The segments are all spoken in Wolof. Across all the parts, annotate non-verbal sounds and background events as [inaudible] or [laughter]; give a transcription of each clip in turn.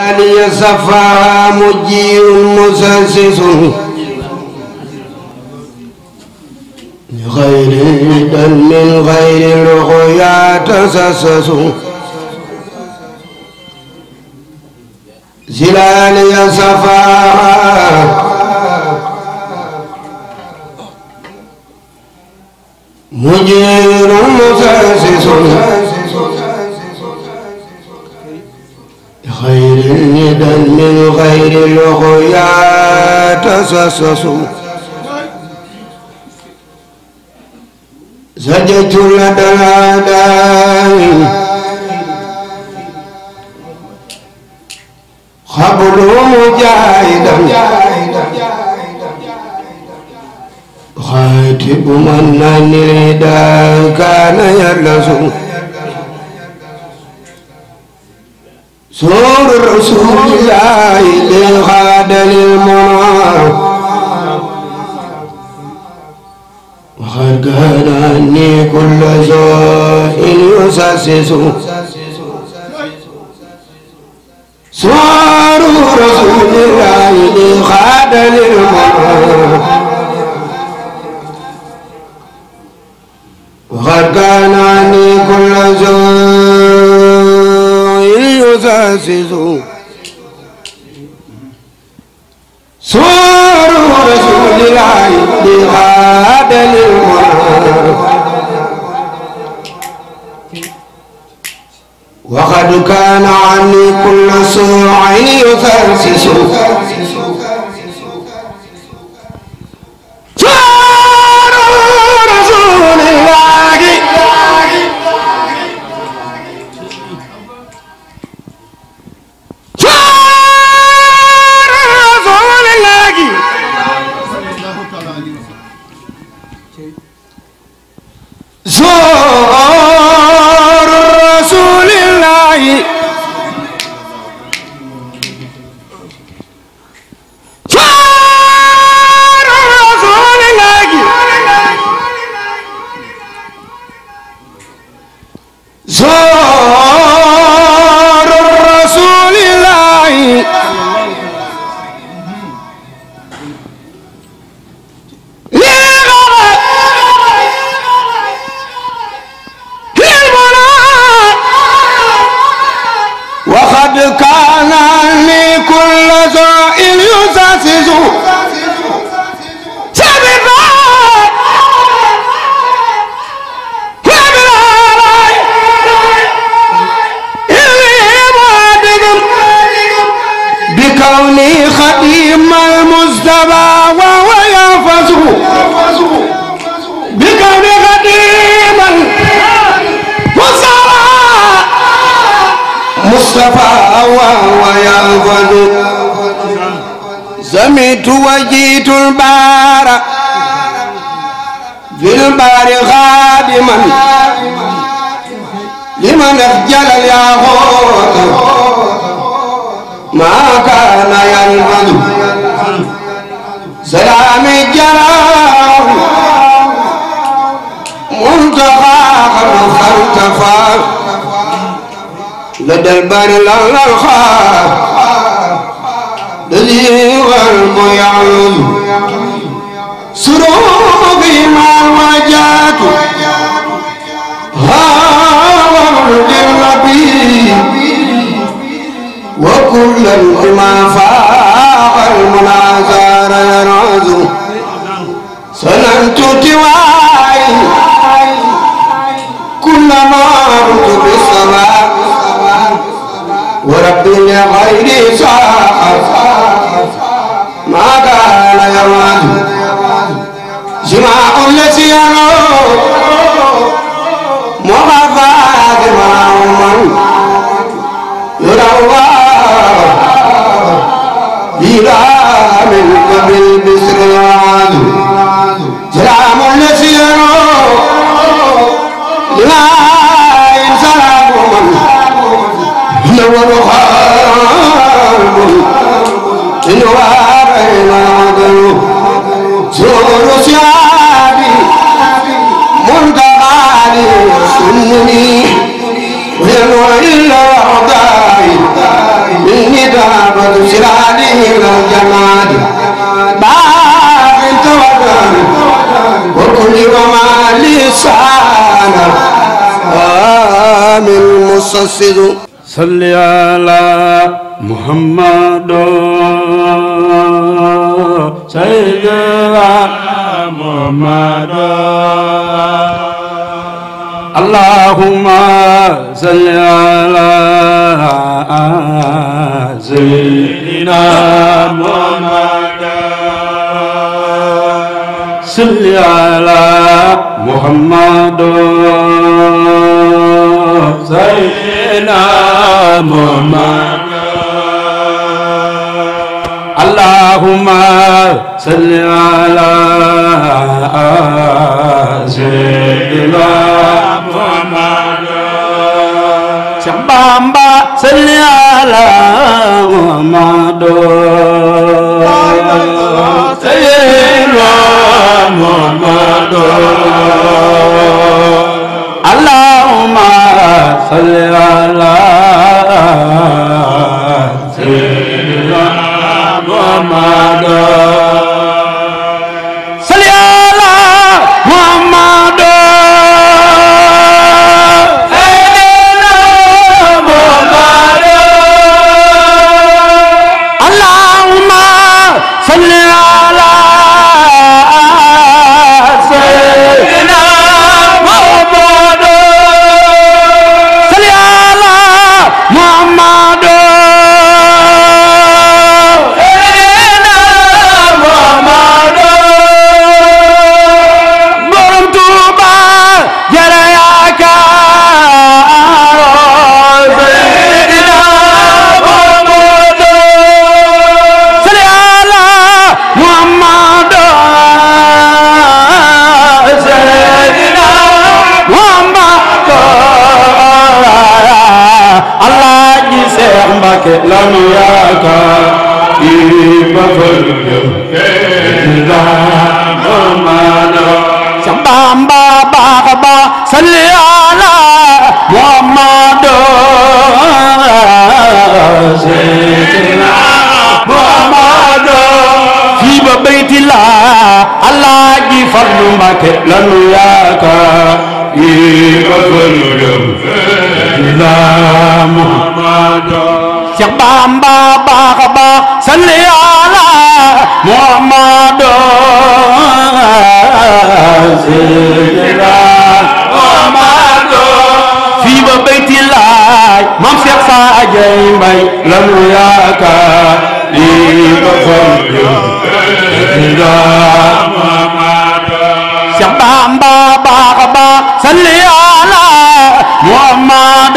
علي صفا مجيء مسسس غير دم غير رقيا تسسس زلالي صفا مجيء مسسس خير الندى من غير لغيا تسسس زجت لدى الأعداء خبره جاهدا خاتب من الندى كان يلزم سور رسول الله للغاد للمنى وقد قال اني كل زائل يسسس سور رسول الله للغاد للمنى وقد قال اني كل زائل العزيز صور رسول الله لغاد للمنى وقد كان عني كل سوء يفرسس جئت وجئت البار في البار خادما لمن اخجل الياقوت ما كان ينفذ سلام الجلال منتقى خلف خلف لدى البر لا الخاف دلي والقيام سروبي ما وجاك هاور للربي وكل العلماء فاق المناظر يرعد كل ما نور ثيابي منتقالي سنني وينور الأرضاي مني ذهبت سرادي إلى الجمال باغ توكل وكل وما لسانا آمن مستسد صلي على محمد اللهم صل على سيدنا محمد صل على محمد سيدنا محمد اللهم صل على سيدنا محمد شمبا صلي على محمد سيدنا محمد اللهم صل على سيدنا محمد samba baba salli ala muhammad sayyidina muhammad fi ba baytila alaaji farlu mbake lanu yaakaar fi ba farlu mbake صل على محمد سيدنا محمد في بيت الله مام شيخ ساجي ماي لم ياك لي بفضل سيدنا محمد شيخ بامبا بابا صل على محمد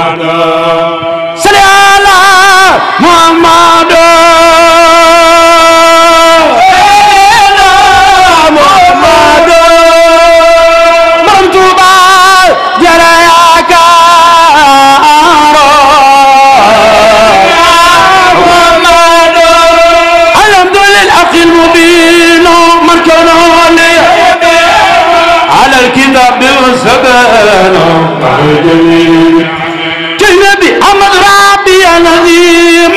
سبان جميل جنبي حمد ربي نظيم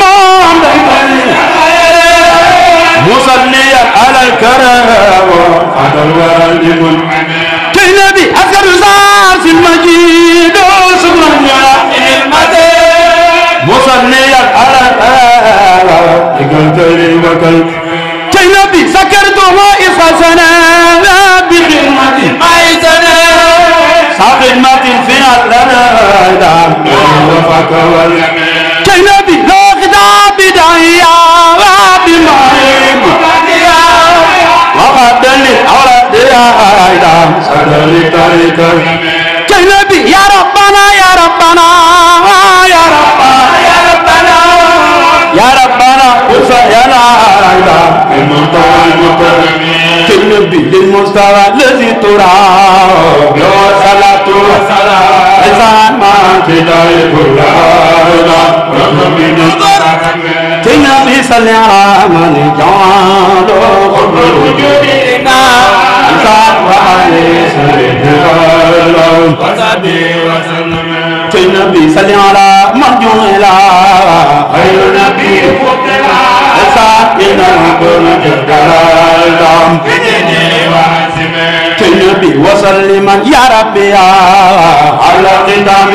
مصليا على الكرم على الوالد جنبي أسر زار المجيد مصليا على الآلة قلت لي وكلت جنبي سكرت وإصا سنان لا إله إلا وفاك واليمين كي نبي لا خداب دعيا وبمعيم وقد لي أولاد يا إله صدري طريق كي نبي يا ربنا يا ربنا يا ربنا يا ربنا يا ربنا وسعنا إلى المنطقة المكرمين كي نبي للمستوى الذي ترى يا صلاة وسلام النبي صلى على من جعل قبل الوجود إنا أنت وعلي سيدنا وصدي وسلم النبي صلى على من جعل خير نبي فضلا أنت إنا كن جدلا بدني وعلي كنبي وسلما يا ربي على قدام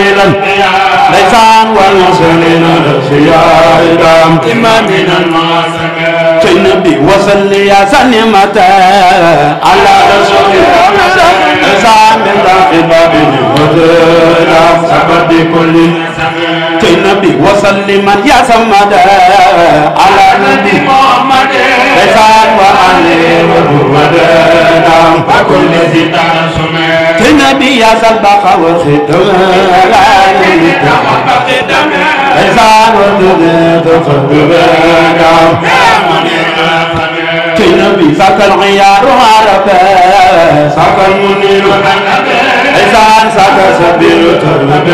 ليسان والمسلمين سيادام إمامنا المعسكر تنبي وصلي يا سلمة على رسول نظام داخل بابه هدنا سبب كل تنبي وصلي من يا سمد على نبي محمد رسال وعلي وهدنا وكل ذي تنسم تنبي يا سلبق وخدم لا نبي رسال وتنبي تفضل بنا كي نبي ساك العيار عرفا ساك المنير النبي عزان ساك سبيل تربي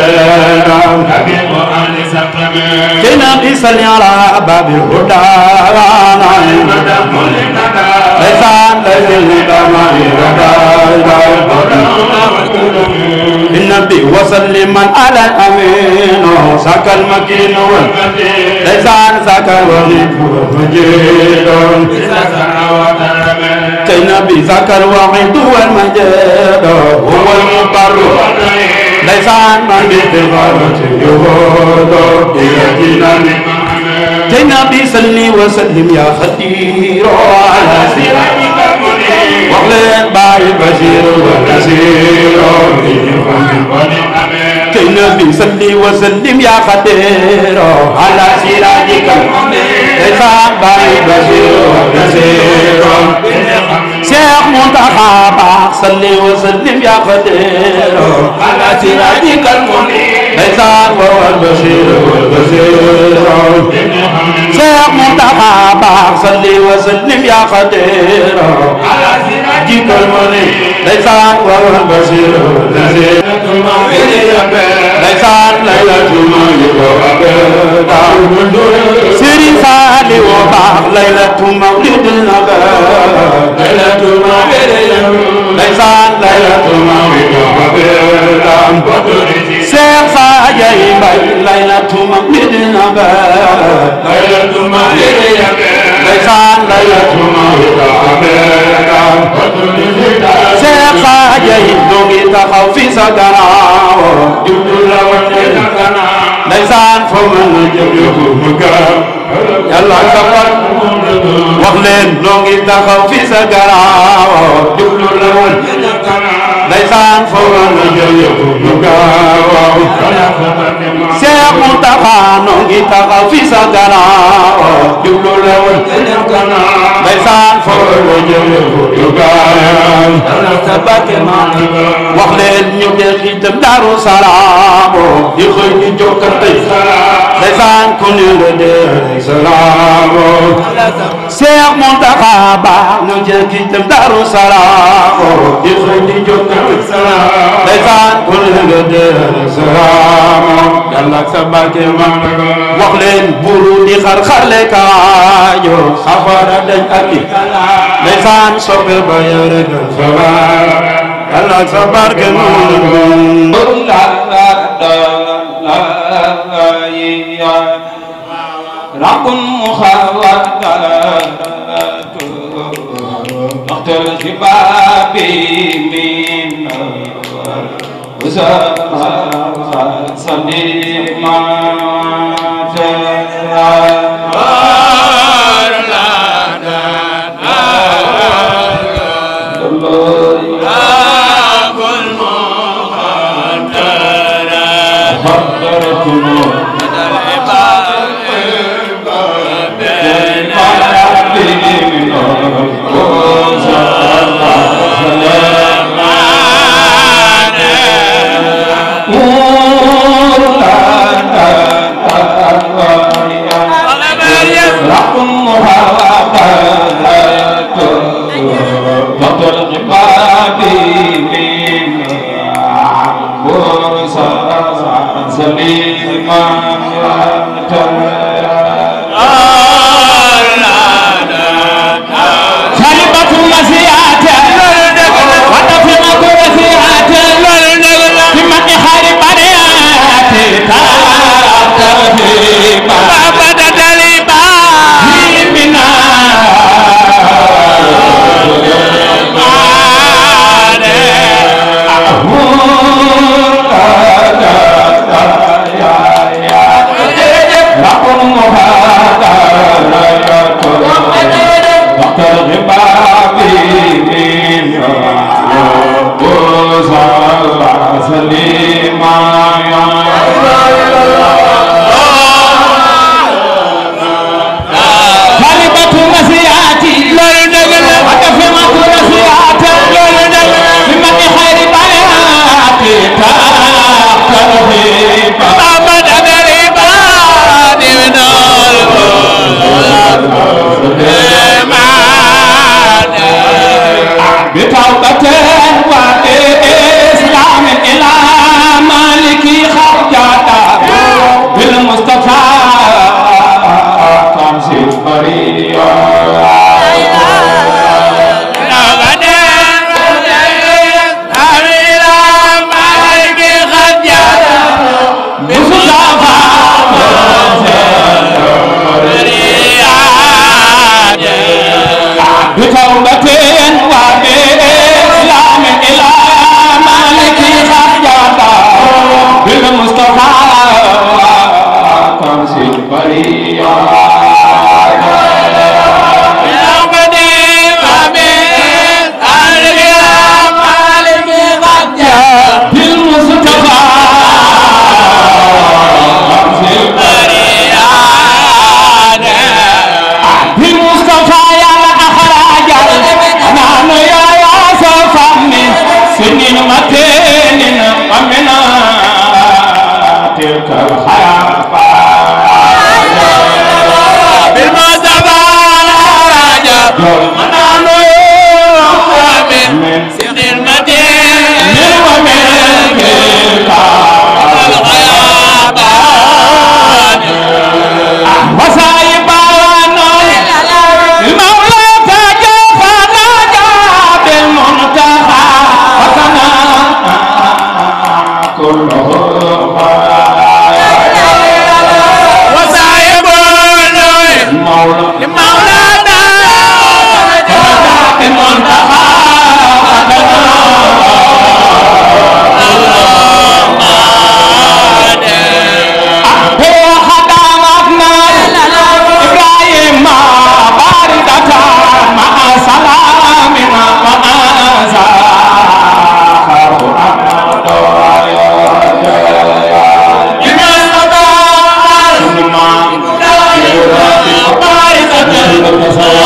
كي نبي سلي على باب الهدى وإسان تجل كما النبي وسلم على الأمين ساك المكين والمدين لسان ساك الوليد والمجيد النبي ذكر وعيد والمجيد هو المقر لسان من بالتفارة يهود إلى جنان جنابي صلي وسلم يا خدير على سيدنا وقلت باي بشير ونذير جنابي صلي وسلم يا خدير على سراجك المنير باي بشير ونذير شيخ منتخبا صلي وسلم يا قدير على سراجك المنير الزار والبشير والبشير شيخ منتخبا صلي وسلم يا قدير على سراجك المنير الزار والبشير والبشير ليلة ليلة ليلة taxaw fi sa garaaw jublu la wante nakana ndeysaan fa mën a jëm yóbbu mu gaaw yàlla sabar wax leen noo ngi taxaw fi sa garaaw jublu la wante nakana ndeysaan fawal jërëjëf ñu gaaw Cheikh Mountakha noo ngi taxaw fi sa gannaaw jublu lewal ndeysaan fawal jërëjëf ñu gaaw wax leen ñu dee itam Daaru Salaam di xëy di jokkante ndeysaan ku ñu la dee salaamu Seex Muntaxa baax na jëkki tam daru salaamu di xëy di jóg salaamu ndeysaan ku ñu la dee salaamu yàlla sa barke maam wax leen buru di xar xarle kaajo xafara dañ ak i ndeysaan soppe ba yore dal salaam yàlla sa barke maam رقم مخاوات نختار شبابي من وزمها صديق my Lord.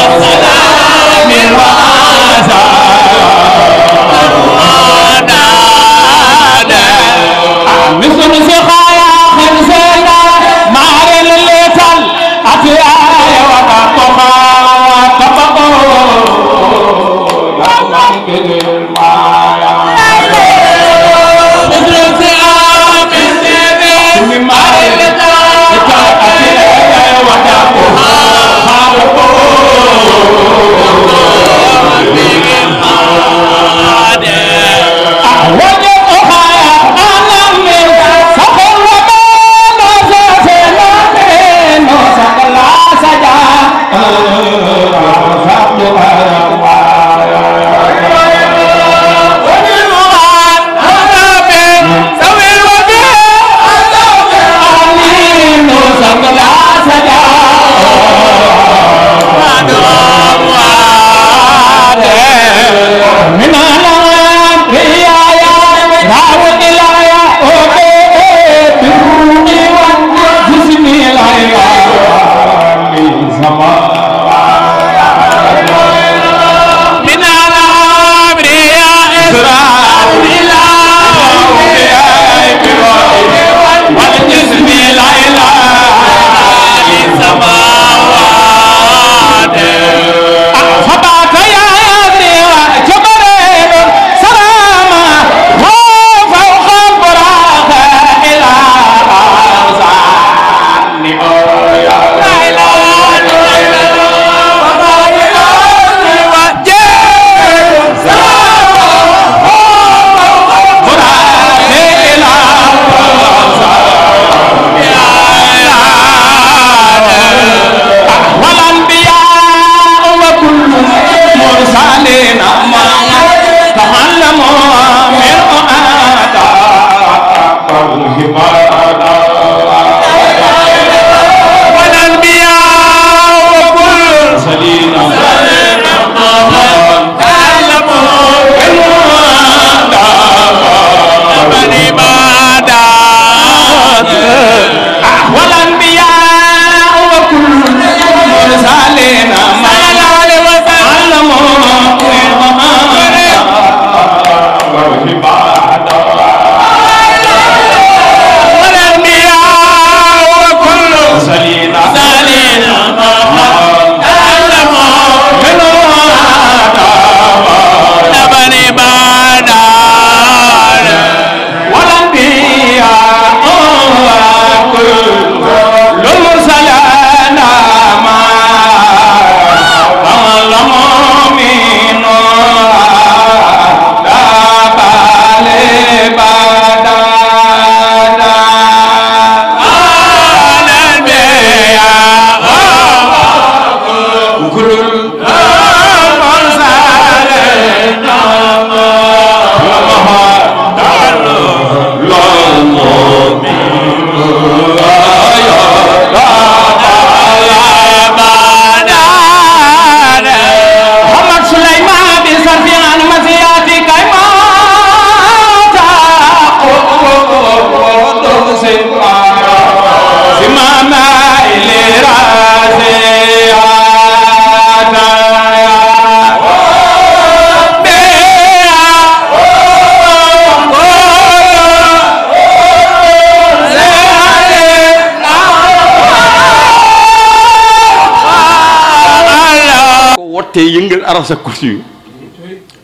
te yëngal aras ak kursi yu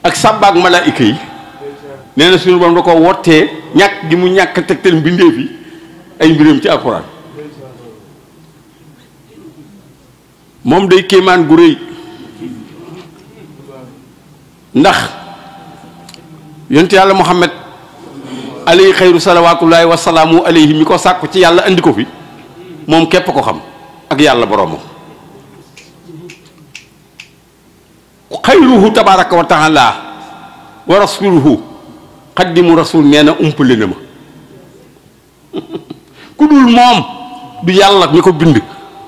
ak sàbbaak malaayika yi nee suñu borom da ko wottee ñàkk gi mu ñàkk tegtal mbindeef yi ay mbiram ci alxuraan moom day kéemaan gu rëy ndax yonent yàlla muhammad alayhi xayru salawaatullaahi wasalaamu alayhi mi ko sàkku ci yàlla andi ko fi moom képp ko xam ak yàlla boroomam xayruhu tabaraka wa taala wa rasuluhu xaddimu rasul nee na umpale na ma [laughs] ku dul moom du yàlla mi ko bind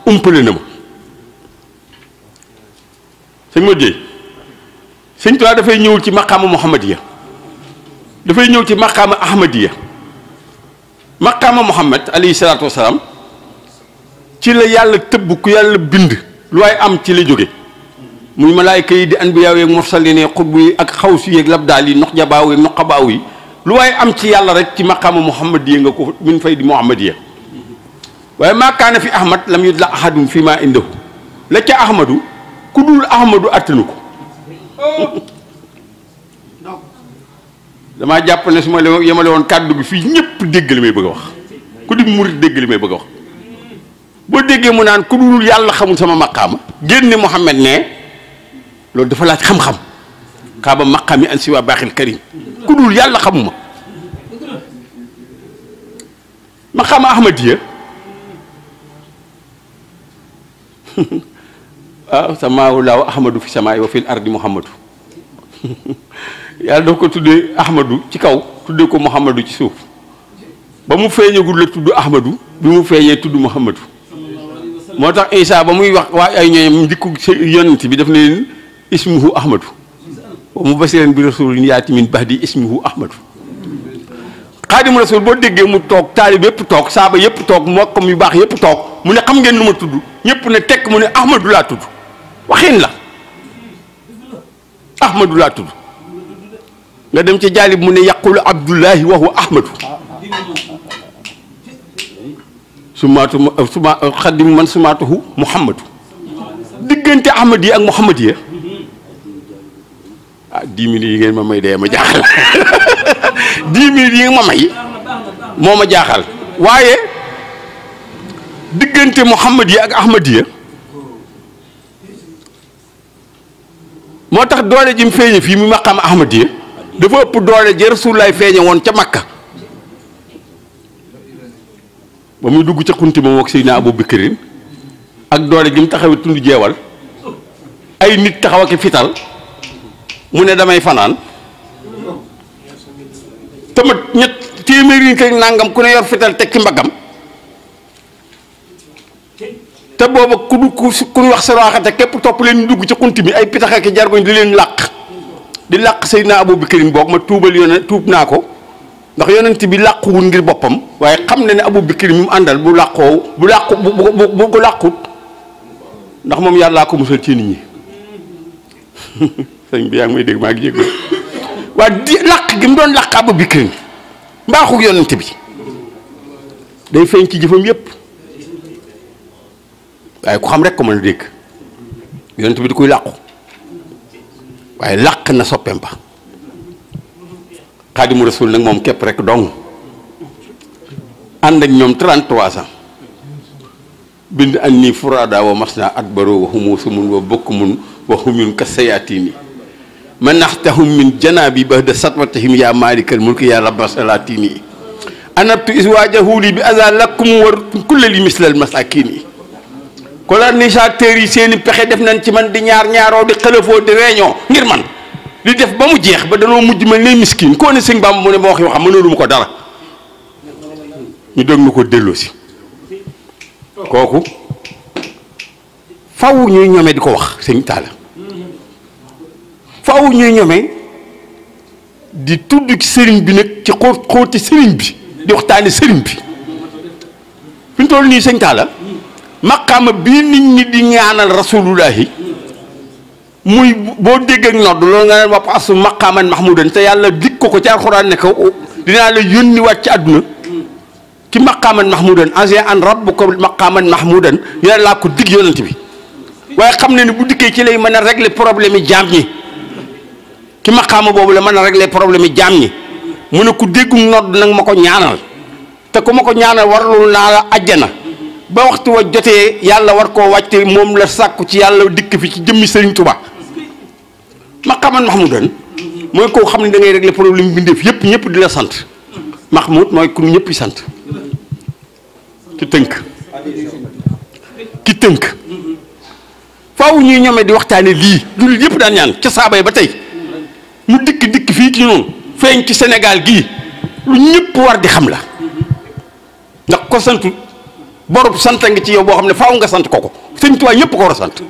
umpale na ma sëñ ma jéey sëñ Tuubaa dafay ñëwul ci maqaama muhammadiya dafay ñëw ci maqaama ahmadiya maqaama muhammad alayhi ci la yàlla tëbb ku yàlla bind lu waay am ci la jóge muy malaayka yi di anbiyaa yeeg mursalin yi xutb yi ak xawsi yeeg labdaal yi nox jabaaw yi noqabaaw yi lu waaye am ci yàlla rek ci maqaama muhammad yi nga ko min fay di muhammad ya waaye maa kaana fi ahmad lam yudla ahadun fi maa indahu la ca ahmadu ku dul ahmadu attanu ko damaa jàpp su ma yemale kàddu gi fii ñëpp dégg li may bëgg a wax ku di murit dégg may bëgg a wax boo déggee mu naan ku dul yàlla xamul sama maqaama génne muhammad ne loolu dafa laaj xam-xam xaaba maqami an siwa baaxil karim ku dul yàlla xamuma maqaama ahmadiya waaw [laughs] ah, samaahu ahmadu fi samaay wa fil ardi muhammadu [laughs] yàlla daf ko tuddee ahmadu ci kaw tuddee ko muhammadu ci suuf ba mu feeñagul la tudd ahmadu bi mu feeñee tudd muhammadu moo tax Isa ba muy wax waa ay ñooñam njëkku yonent bi dafa ne ismuhu ahmadu wa mubasiran bi rasulin yaati min bahdi ismuhu ahmadu xaadimu rasul boo déggee mu toog taalib yépp toog saaba yëpp toog mokkam yu baax yëpp toog mu ne xam ngeen nu ma tudd ñëpp ne tekk mu ne ahmadu laa tudd waxin la ahmadu laa tudd nga dem ca jaalib mu ne yaqulu abdullahi wa huwa ahmadu sumaatu suma xaddim man sumaatuhu muhammadu diggante ahmad yi ak muhammad yi ah dix yi ngeen ma may dee ma jaaxal [laughs] dix yi nga ma may moo ma jaaxal waaye diggante Muhammad yi ak Ahmad yi moo tax doole ji mu fii mu maqam Ahmad yi dafa ëpp doole ja Rasulullaay feeñe woon ca Makka ba muy dugg ca xunti ma mook Seydina Abu Bakrin ak doole ji mu taxawee tund jeewal ay nit taxaw ak fital mu ne damay fanaan te tamat ñett téeméeri nit nangam ku ne yor fital tekki ci mbaggam te booba ku du ku ñu wax sa raaxate képp topp leen ñu dugg ci xunt bi ay pitax ak jargoñ di leen làq di làq Seydina Abu Bakrin boog ma tuubal yone tuub naa ko ndax yonent bi làquwul ngir boppam waaye xam na ne Abu Bakrin mu àndal bu làqoo bu làqu bu bu bu ko làqut ndax moom yàllaa ko musal ci nit ñi [laughs] sëñ bi yaa ngi may dégg maa ngi jégalu waa di làq gi mu doon làq Abu Bakr mbaaxu yonent bi day feeñ ci jëfam yépp waaye ku xam rek ko mën a dégg yonent bi di koy làqu waaye làq na soppeem ba xaadimu rasul nag moom képp rek dong ànd ak ñoom 33 ans bind an nii furaada wa mas at baroo wa xumu sumun wa bokk mun wa xumun ka sayaatini manaxtahum min janaabi ba'da satwatihim yaa maalikal mulki yaa rabbas salaatini anabtu iswaajahu li bi azaa lakum war kulle li mislal masakini colonisateurs yi seeni pexe def nañ ci man di ñaar ñaaroo di xelefoo di réunion ngir man li def ba mu jeex ba danoo mujj mel ne miskin koo ne sëñ Bamba mu ne ma waxi waxam mënoonu ma ko dara ñu dégg ma ko delloo kooku faw ñuy ñome di ko wax sëñ Talla faw ñuy ñome di tudd ci sëriñ bi nag ci xóot xóoti sëriñ bi di waxtaane sëriñ bi fi ñu nii sëñ Talla maqaama bii nit ñi di ñaanal rasulullahi muy boo dégg ak nodd loolu nga naan wax asu maqaaman mahmudan te yàlla dig ko ko ci alxuraan ne ko oh, dinaa la yónniwaat ci àdduna ci maqaaman mahmudan angé an rabbuka maqaaman mahmudan yàlla laa ko dig yonent bi waaye xam ne ni bu dikkee ci lay mën a régler problème yi jaam ñi ci maqaama boobu la mën a régler problème yi jaam ñi mu ne ko déggu nodd nag ma ko ñaanal te ku ma ko ñaanal warlul naa la ajjana ba waxtu wa jotee yàlla war koo wàcce moom la sàkku ci yàlla dikk fi ci jëmmi Sëriñ Tuba maqaaman mahmudan mooy ko xam ne da ngay régler problème bindeef yëpp ñëpp di la sant mahmud mooy ku ñëpp sant ki tënk ki tënk faaw ñuy ñoomee di waxtaane lii dul yëpp daan ñaan ca saaba yi ba tey mu dikk dikk fii ci noonu feeñ ci Sénégal gii lu ñëpp war di xam la ndax ko santu borub sant nga ci yow boo xam ne faaw nga sant ko ko sëñ Tuubaa ñëpp ko war a sant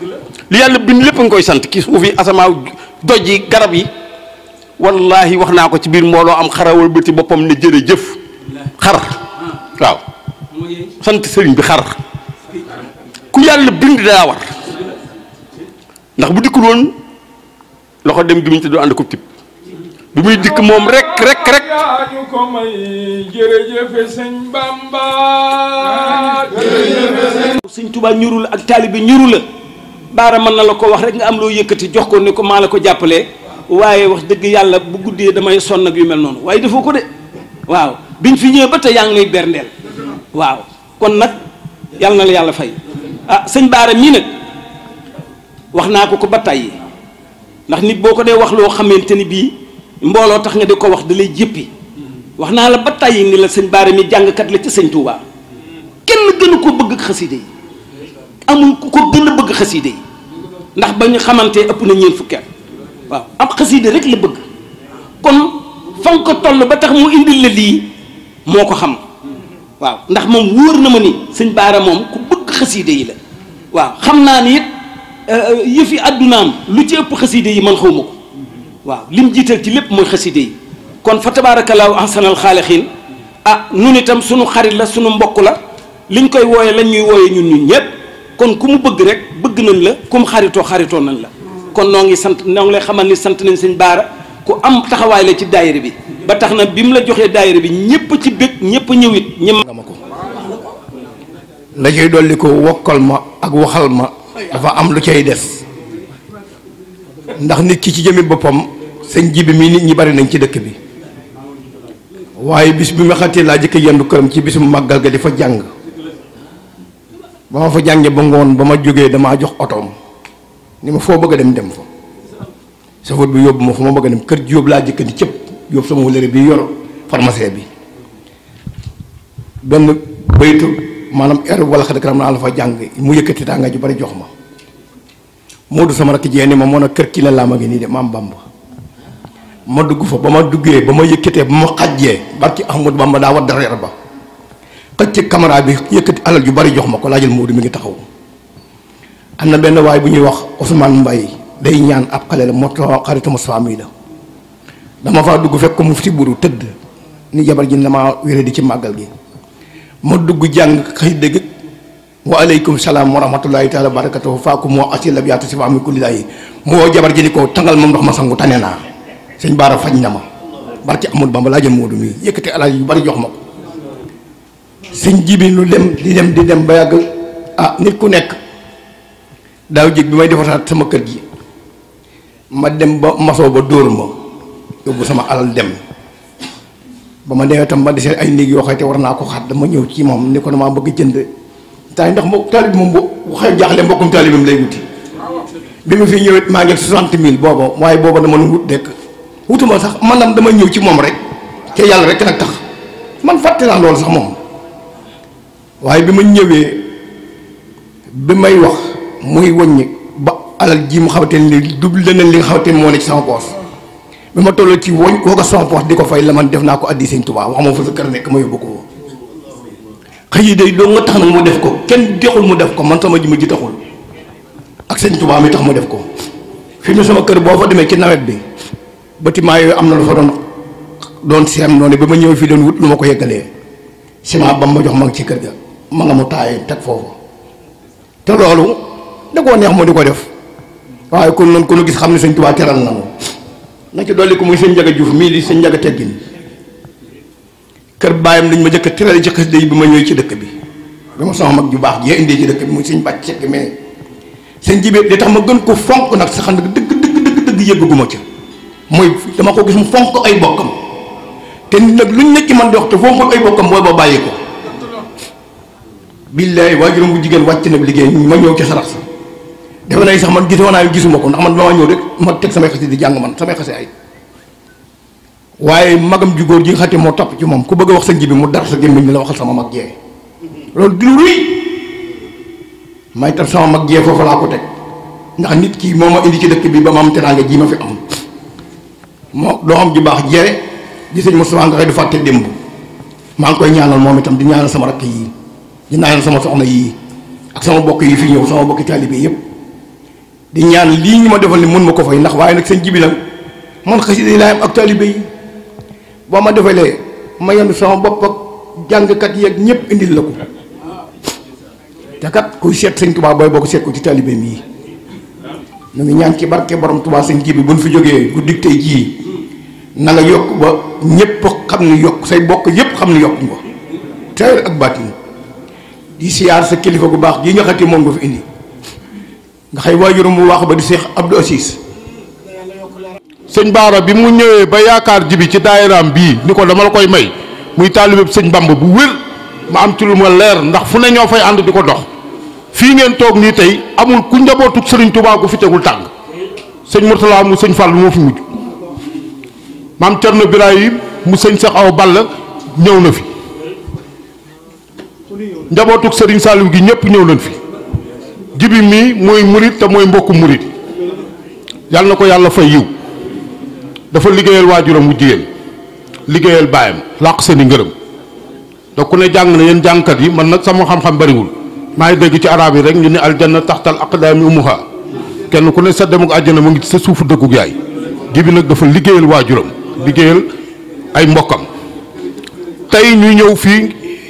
li yàlla bind lépp nga koy sant ki suuf yi asamaaw doj yi garab yi wallaahi wax naa ko ci biir mbooloo am xarawal bëti boppam ne jërëjëf xar waaw sant sëriñ bi xar ku yàlla bind daa war ndax bu dikkul loxo dem gi mu te du ànd ko tib bi muy dikk moom rek rek rek ñu ko sëñ Bamba sëñ ñuru la ak taalibe ñuru la baara mën na la ko wax rek nga am loo yëkkati jox ko ne ko maa la ko jàppale waaye wax dëgg yàlla bu guddee damay sonn ak yu mel noonu waaye defoo ko de waaw biñ fi ñëwee ba tey yaa ngi nuy berndeel waaw kon nag yàlla na la yàlla fay ah sëñ baara mii nag wax naa ko ko ba tàyyi ndax nit boo ko dee wax loo xamante ni bii mbooloo tax nga di ko wax da lay wax naa la ba tàyyi ni la sëñ Baara mi jàngkat la ca sëñ Touba kenn gën a ko bëgg xaside yi amul ku ko gën a bëgg xaside yi ndax ba ñu xamante ëpp na ñeent fukki at waaw am xaside rek la bëgg kon fa ko toll ba tax mu indi la lii moo ko xam waaw ndax moom wóor na ma ni sëñ Baara moom ku bëgg xaside yi la waaw xam naa ni it Euh, euh, yëfi àddunaam lu ci ëpp xaside yi man xaw ma ko waaw lim jiital ci lépp mooy xaside yi kon fa tabaarakallaahu ahsanal xaalixiin ah nun itam suñu xarit la sunu mbokk la liñ koy wooye lañ ñuy wooye ñun ñun ñëpp kon ku mu bëgg rek bëgg nañ la ku xaritoo xaritoo nañ la kon noo ngi sant noo ngi lay xamal ni sant nañ sëñ baara ku am taxawaay la ci daayira bi ba tax na bi mu la joxee daayira bi ñëpp ci bëgg ñëpp ñëwit ñi ma ko la cay dolli ko wokkal ma ak waxal ma dafa am lu cay des ndax nit ki ci jëmi boppam sëñ ji mi nit ñi bari nañ ci dëkk bi waaye bis bi ma xatee laa jëkk yendu këram ci bisum màggal ga di fa jàng ba ma fa jàngee ba ngoon ba ma jógee damaa jox otoom ni ma foo bëgg dem dem fa safut bi yóbbu ma fu ma bëgg dem kër jóob laa jëkk di cëpp jóob sama wëlëre bi yor pharmacie bi benn baytu manam er wala xadak gram na la fa jang mu yëkkati ju bari jox ma moo sama rakk jee ma mona a kër kii la laa ma ngi de mam Bamba ma duggu fa ba duggé bama ba bama yëkkatee barki ahmad Bamba da wa dara ba xëcc ci camera bi yëkkati alal ju bari jox ma ko lajël Moodu mi ngi taxaw amna benn bu ñuy wax usman mbay day ñaan ab xalé la moo xaritu Moustapha la dama fa duggu fekk ko mufti buru teud ni jabar ji na maa wéré di ci magal gi ma dugg jàng xëy dégg wa salaam wa rahmatullahi taala barakatuhu faaku moo asi la biyaatu si wa ami kulli laayi moo jabar ji ni ko tangal moom ndox ma sangu tane naa suñ baara faj na ma barke amul bamba laa jël moodu mi yëkkati alal yu bari jox ma ko sëñ jibi lu dem di dem di dem ba yàgg ah nit ku nekk daaw jég bi may defaraat sama kër gi ma dem ba masoo ba dóor ma yóbbu sama alal dem ba ma demee tam ma dese ay néeg yoo xayte war naa ko xaat dama ñëw ci moom ni ko damaa bëgg jënd taay ndax mbokk taalib moom bu xëy jaaxle mbokkum taalibam lay wuti bi mu fi ñëwet maa ngi soixante mille booba waaye booba dama nu wut dekk wutuma sax maanaam dama ñëw ci moom rek te yàlla rek nag tax man fàtte naa loolu sax moom waaye bi ma ñëwee bi may wax muy wàññi ba alal ji mu xamante ni dubli na li nga xamante ni moo ne ci sama poos bi ma toll ci woñ woo ko sama poos di ko fay la def naa ko addi sëñ Tuubaa wax ma fa sa kër nekk ma yóbbu ko woo yi de doo nga tax nag mu def ko kenn dexul mu def ko man sama ji ma ji taxul ak sëñ Tuubaa mi tax ma def ko fi mu sama kër boo fa demee ci nawet bi bâtiment yooyu am na lu fa doon doon seem noonu ba ma ñëw fii doon wut lu ma ko yeggalee ciment bam ma jox ma ngi ci kër ga ma nga mu taayee teg foofu te loolu da koo neex mu di ko def waay kon noonu ko nu gis xam ne sëñ Tuubaa teral na nañ ci dolli ko muy sëñ Njaga Juuf mii di sëñ Njaga teggin kër baayam lañ ma njëkk a tëral ci xasida yi bi ma ñëwee ci dëkk bi bi ma sama mag ju baax ji indee ci dëkk bi muy sëñ bàcc sekk mais sëñ jibee di tax ma gën ko fonk nag sax nag dëgg dëgg dëgg dëgg yëgguma ca mooy dama ko gis mu fonk ay bokkam te nit nag luñ nekk man dox wax te fonkul ay bokkam mooy ba bàyyi ko billaay waajuram bu jigéen wàcc nag liggéey ma ñëw ci sarax sa defe naa sax man gisoo naa gisuma ko ndax man dama ñëw rek ma tek samay xasida di jang man samay xasse ay waye magam ju góor ji xati mo top ci mom ku bëgg wax sa njibi mu dar sa gemmi la waxal sama mag jey lol di ruy may tam sama mag jey fofu la ko tek ndax nit ki moma indi ci dekk bi ba am ji ma fi am do am ju bax jere di sëñ Moustapha nga xëy du fàtte démb maa ñaanal moom itam di ñaanal sama rakk di ñaanal sama soxna yi ak sama bokk yi fi ñew sama bokki taalibe yépp di ñaan li ñu ma defal ni mën ma ko fay ndax waaye nag seen jibi nag man xasida laa am ak taalibe yi boo ma defalee ma yendu sama bopp ak jàngkat yeeg ñëpp indil la ko te kat kuy seet sëñ tubaa booy boo ko seet ko ci nyep mi nu ngi ñaan ci barke borom tubaa sëñ jibi buñ fi jógee tey jii na nga yokk ba ñëpp xam say bokk yëpp xam nga teel ak di siyaar sa kilifa gu baax gi nga xati moom nga fi indi nga xey waajuram mu wax ba di Cheikh Abdou Assis seigne bara bi mu ñewé ba yaakar jibi ci daayiram bi ni dama la koy may muy taalibeb seigne Bamba bu wër ma am ci lu ma leer ndax fu ne ñoo fay ànd dox fi ngeen tok ni tay amul ku njabotuk seigne Touba ko fi tegul tang seigne murtala mu seigne Fall mo fi mujj mam terno ibrahim mu seigne Cheikh aw Balla ñew na fi njabotuk seigne gi ñepp ñew fi. jibi mi mooy murit te mooy mbokku murit yàlla na ko yàlla fa yiw dafa liggéeyal waajuram wu jigéen liggéeyal baayam làq seeni i ngërëm da ku ne jàng na yéen jàngkat yi man nag sama xam-xam bariwul maa ngi dégg ci araab yi rek ñu ne aljanna taxtal aqdaami umuha kenn ku ne sa demuk àjjana mu ngi sa suufu dëkkug yaay jibi nag dafa liggéeyal waajuram liggéeyal ay mbokkam tey ñu ñëw fii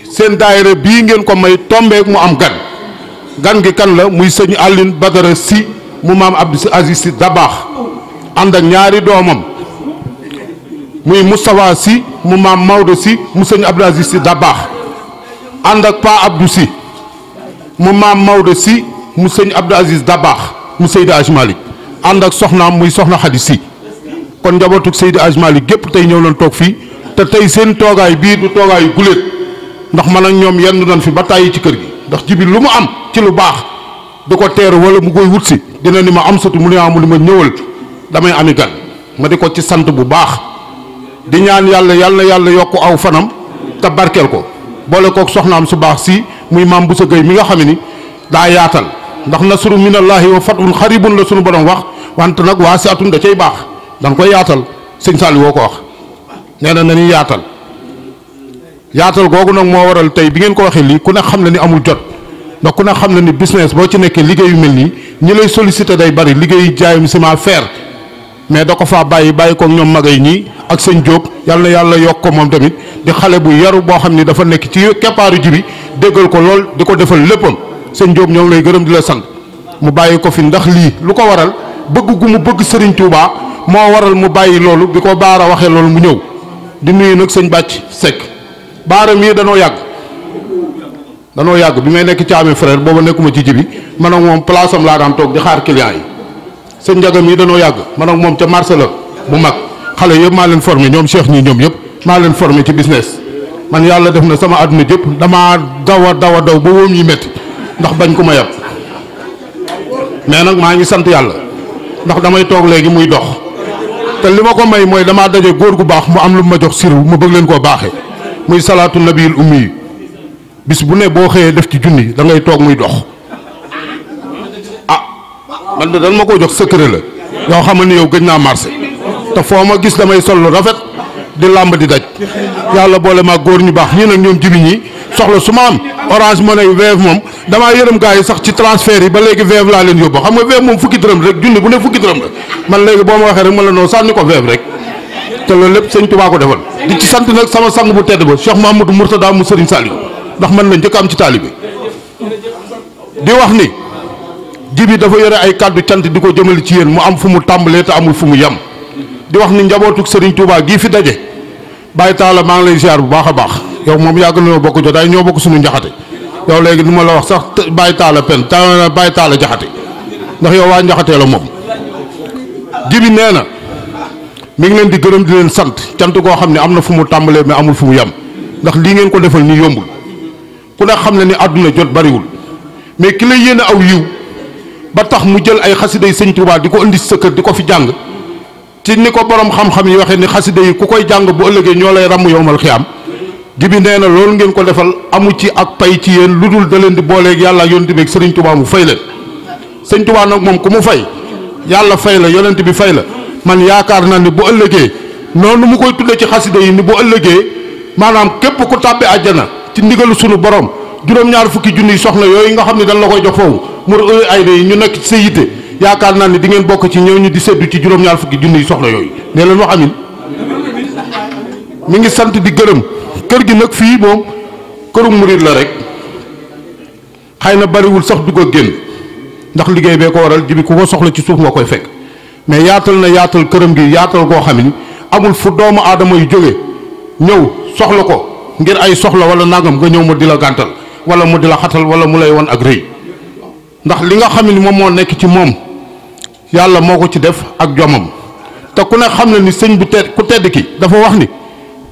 seen daayira bii ngeen ko may tombeek mu am gan gan gi kan la muy sëñ Alioune Badara si mu maam Abdou Aziz si baax ànd ak ñaari doomam muy Moustapha si mu maam Maodo si mu sëñ Abdou Aziz si Dabaax ànd ak Pa Abdou mu maam Maodo si mu sëñ Abdou Aziz Dabaax mu Seydi Aj Malick ànd ak soxnaam muy soxna Xadi si kon njabootug Seydi Aj Malick gépp tey ñëw leen toog fii te tey seen toogaay bii du toogaayu guléet ndax man ak ñoom yendu nañ fi ba tàyyi ci kër gi ndax jibil lu mu am ci lu baax du ko teeru wala mu koy wut si dina ni ma am sotti mu ne mu ma ñëwal damay ami gan ma di ko ci sant bu baax di ñaan yàlla yàlla yàlla yokk aw fanam te barkeel ko boole kook soxnaam su baax si muy maam bu sa gay mi nga xam ni daa yaatal ndax na nasru minallahi wa fatun xaribun la sunu borom wax wante nag waa si atun da cay baax dan koy yaatal sëñ Saali woo ko wax nee na nañuy yaatal yaatal googu nag moo waral tey bi ngeen ko waxee lii ku ne xam na ni amul jot ndax ku ne xam na ni business boo ci nekkee liggéeyu yu mel nii ñi lay sollicité day bari liggéey jaayum ciment fer mais da ko faa bàyyi bàyyi ko ñoom mag magay ñii ak sëñ Diop yàlla yàlla yokk ko moom tamit di xale bu yaru boo xam ni dafa nekk ci keppaaru ji bi déggal ko lool di ko defal léppoon sëñ Diop ñoom lay gërëm di la sant mu bàyyi ko fi ndax lii lu ko waral bëgg mu bëgg Serigne Touba moo waral mu bàyyi loolu bi ko baara waxee loolu mu ñëw di nuyu nag sëñ Bàcc Seck baaram yi danoo yàgg danoo yàgg bi may nekk caame frère booba nekkuma ci jibi man ak moom place am laa daan toog di xaar client yi sëñ njagam yi danoo yàgg man ak moom ca marché la bu mag xale yëpp maa leen formé ñoom Cheikh ñi ñoom yëpp maa leen formé ci business man yàlla def na sama àdduna jëpp damaa daw a daw a daw ba wóom yi metti ndax bañ ko ma yàpp mais nag maa ngi sant yàlla ndax damay toog léegi muy dox te li ma ko may mooy damaa daje góor gu baax mu am lu ma jox sirw ma bëgg leen koo baaxee muy salaatu nabiyul ummi bis bu ne boo xëyee def ci junni da ngay toog muy dox ah man de dan ma koo jox secret la yoo xam ne yow gëj naa marché te foo ma gis damay sol lu rafet di làmb di daj yàlla boole maa góor ñu baax ñii nag ñoom jibi ñi soxla su ma am orange money Wave moom damaa yërëm gars yi sax ci transfert yi ba léegi Wave laa leen yóbbu xam nga Wave moom fukki dërëm rek junni bu ne fukki dërëm la man léegi boo ma waxee rek ma la noo sànni ko Wave rek te loolu lépp sëñ Tuubaa ko defal di ci sant nag sama sang bu tedd ba Cheikh Mahamadou Mourtada mu Serigne Saliou ndax man la njëkk am ci taalibe di wax ni jibi dafa yore ay kàddu cant di ko jëmale ci yéen mu am fu mu tàmbalee te amul fu mu yem di wax ni njabootuk sëriñ tuubaa gii fi daje bàyyi taala maa ngi lay ziar bu baax a baax yow moom yàgg nañoo bokk jotaay ñoo bokk suñu njaxate yow léegi nu ma la wax sax bàyyi taala pen ta bàyyi taala jaxate ndax yow waa njaxatee la nee na mi ngi leen di gërëm di leen sant cant koo xam ne am na fu mu tàmbalee mi amul fu mu yem ndax lii ngeen ko defal nii yombul ku ne xam ne ni àdduna jot bariwul mais ki la yéene aw yiw ba tax mu jël ay xasida yi sëñ Tuubaa di ko indi sa kër di ko fi jàng ci ni ko boroom xam-xam yi waxee ni xasida yi ku koy jàng bu ëllëgee ñoo lay ràmm yowmal xiyaam ji bi nee na loolu ngeen ko defal amu ci ak pay ci yéen lu dul da leen di booleeg yàlla ak yonent bi ak sëriñ Tuubaa mu fay leen sëñ Tuubaa nag moom ku mu fay yàlla fay la yonent bi fay la man yaakaar naa ni bu ëllëgee noonu mu koy tuddee ci xasida yi ni bu ëllëgee maanaam képp ku tàbbi àjjana ci ndigalu sunu borom juróom-ñaar fukki junniy soxla yooyu nga xam ne dañ la koy jox foofu mu ay yi ñu nekk ci sa yitte yaakaar naa ni di ngeen bokk ci ñëw ñu di seddu ci juróom-ñaar fukki junniy soxna yooyu nee leen wax amin mi ngi sant di gërëm kër gi nag fii moom këru murit la rek xëy na bariwul sax dugg ak génn ndax liggéey ko waral jibi ku ko soxla ci suuf nga koy fekk mais yaatal na yaatal këram gi yaatal goo xam ni amul fu doomu aadama yu jóge ñëw soxla ko ngir ay soxla wala nangam nga ñëw mu di la gàntal wala mu di la xatal wala mu lay won ak rëy ndax li nga xam ni moom moo nekk ci moom yàlla moo ko ci def ak jomam te ku ne xam na ni sëñ bu tedd ku tedd ki dafa wax ni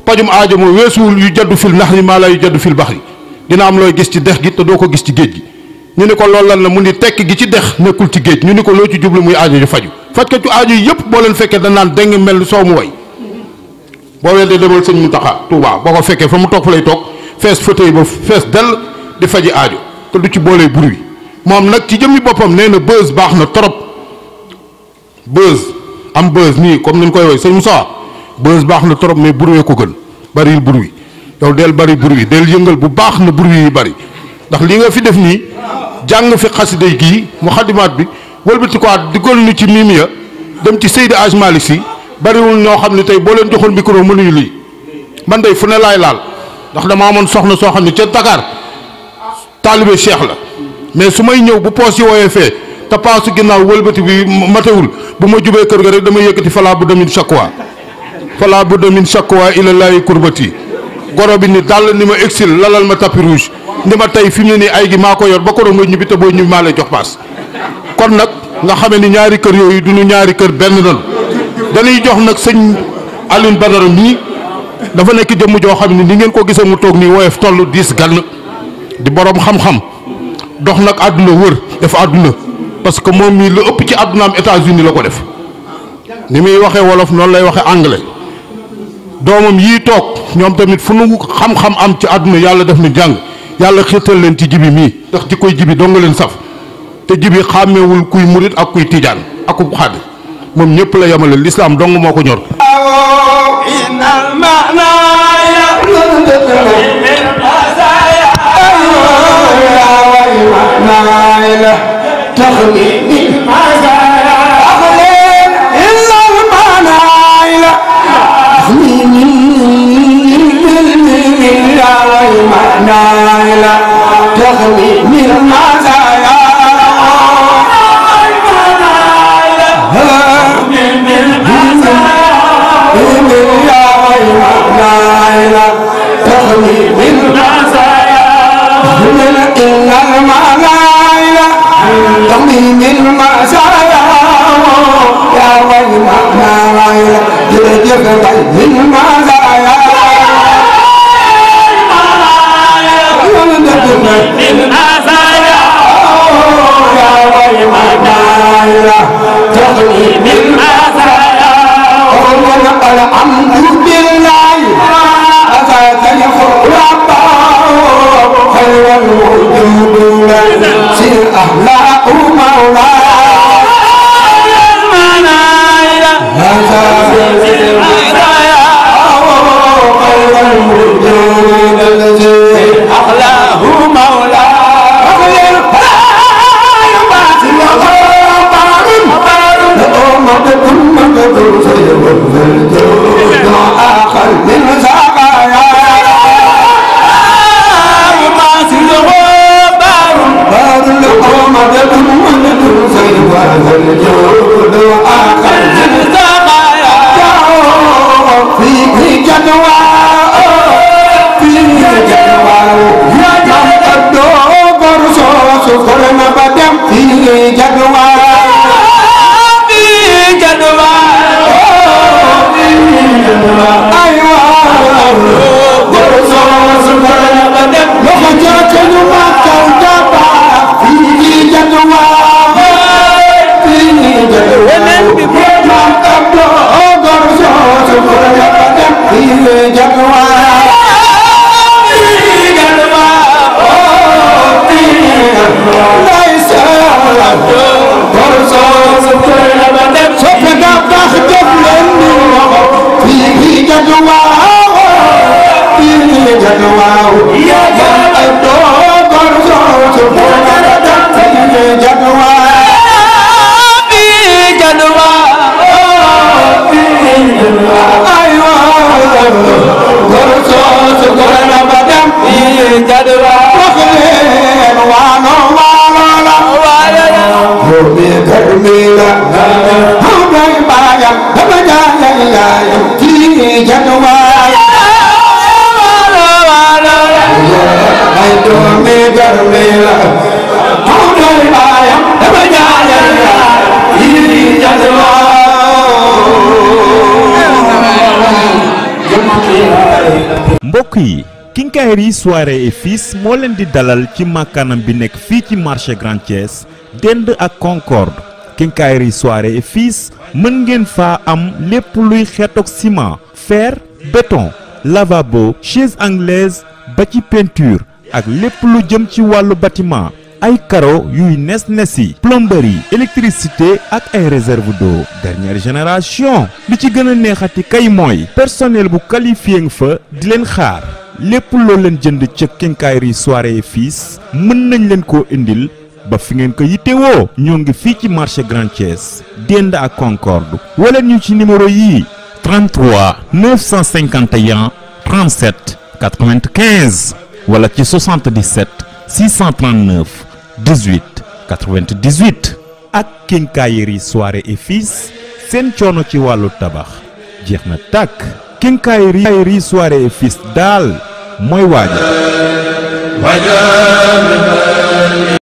pajum aajo moo weesuwul yu jaddu fil nax ni maa la yu jaddu fil bax dina am looy gis ci dex gi te doo ko gis ci géej gi ñu ni ko loolu lan la mu ni tekk gi ci dex nekkul ci géej ñu ni ko loo ci jublu muy aajo ju faju fajkatu aajo yëpp boo leen fekkee da naan deng mel soow mu way boo weddee demal sëñ Muntaxa Tuubaa boo ko fekkee fa mu toog fa lay toog fees fauteuil ba fees dell di faji aajo te du ci boolee bruit moom nag ci jëmmi boppam nee na buzz baax na trop buzz am buzz nii comme ni ñu koy woy sëñ Moussa buzz baax na trop mais bruit ko gën baril bruit yow del bari bruit del yëngal bu baax na bruit yi bari ndax li nga fi def nii jàng fi xasida gii mu xadimaat bi wëlbati ko at dugal ñu ci miim ya dem ci Seydi Aj Malick Si bariwul ñoo xam ne tey boo leen joxoon micro mënuñu lii man day fu ne laay laal ndax dama amoon soxna soo xam ne ca Dakar taalibe Cheikh la mais su may ñëw bu poos yi wooyee fee te paasu ginnaaw wëlbati bi matewul bu ma jubee kër ga rek damay yëkkati falaa bu damin chaque fois falaa bu damin chaque fois ila laay kurbati goro bi ni dàll ni ma exil lalal ma tapis rouge ni ma tey fi mu ne nii ay gi maa ko yor ba koroog nga ñibbi te boo ñibbi maa lay jox paas kon nag nga xamee ni ñaari kër yooyu du ñu ñaari kër benn nan dañuy jox nag sëñ Alioune Badara mii dafa nekk jëmm joo xam ne ni ngeen ko gisee mu toog nii woyof toll diis gann di boroom xam-xam dox nag àdduna wër def àdduna parce que moom mii lu ëpp ci àddunaam états uni la ko def ni muy waxee wolof noonu lay waxee anglais. doomam yii toog ñoom tamit fu nu xam-xam am ci àdduna yàlla def nu jàng yàlla xiirtal leen ci jibi mii ndax ci koy jibi dong leen saf te jibi xàmmewul kuy murit ak kuy tiijaan ak ku xaadir moom ñëpp la yemale lislaam dong moo ko ñor. tax Kairi soirée et fils mo len di dalal ci makkaanam bi nek fi ci marché Grand Thiès dend ak Concorde Quincaillerie Soirée et Fils meun ngeen fa am les luy xetok ciment fer béton lavabo chaise anglaise ba ci peinture ak lepp lu jëm ci walu bâtiment ay carreaux yuy nes nesi plomberie électricité ak ay réserve d'eau dernière génération li ci gëna neexati kay moy personnel bu qualifié nga fa di xaar lépp loo leen jënd ca quincaillerie soirée fils mën nañ leen ko indil ba fi ngeen ko yittewoo ñoo ngi fii ci marché Grand Thiès dend ak Concorde wala ñu ci numéro yii 33 951 37 95 wala ci 77 639 18 98 ak quincaillerie soirée et fils seen coono ci wàllu tabax jeex na tàkk quincaillerie soirée fils daal mooy waaja